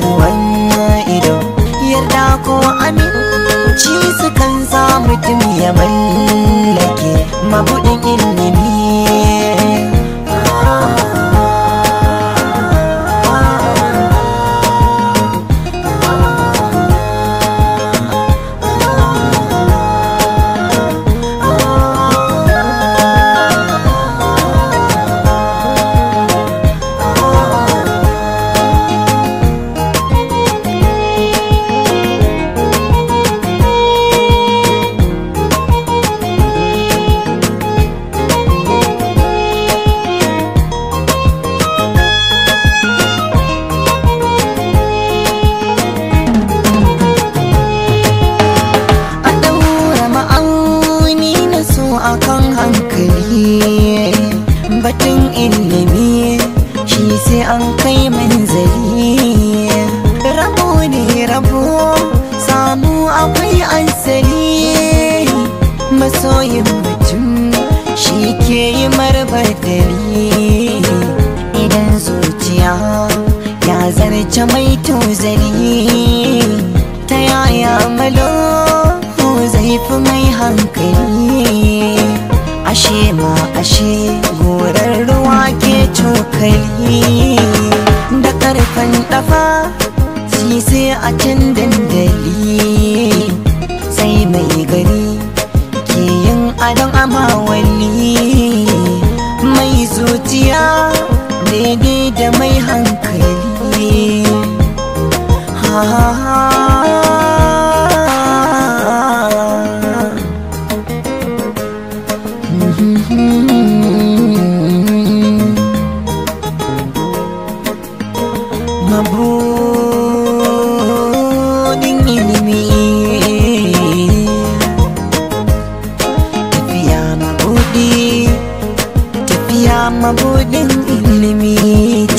ruwan ido yarda ko aminci sukan sa mutum ya mallaka batun ilimi shi sai an kai zali rabo ne rabo samu akwai asali masoyin mutum shi ke yi marbadari idan zuciya ya zarce mai zali ta yaya malo zai fi mai hankali ashe ma ashe fanɗafa shi sai a can dandali sai mai gari ke yin adon amawali mai zuciya daidai da mai hankali ha ha ha daɗi tafiya mabudin ilimi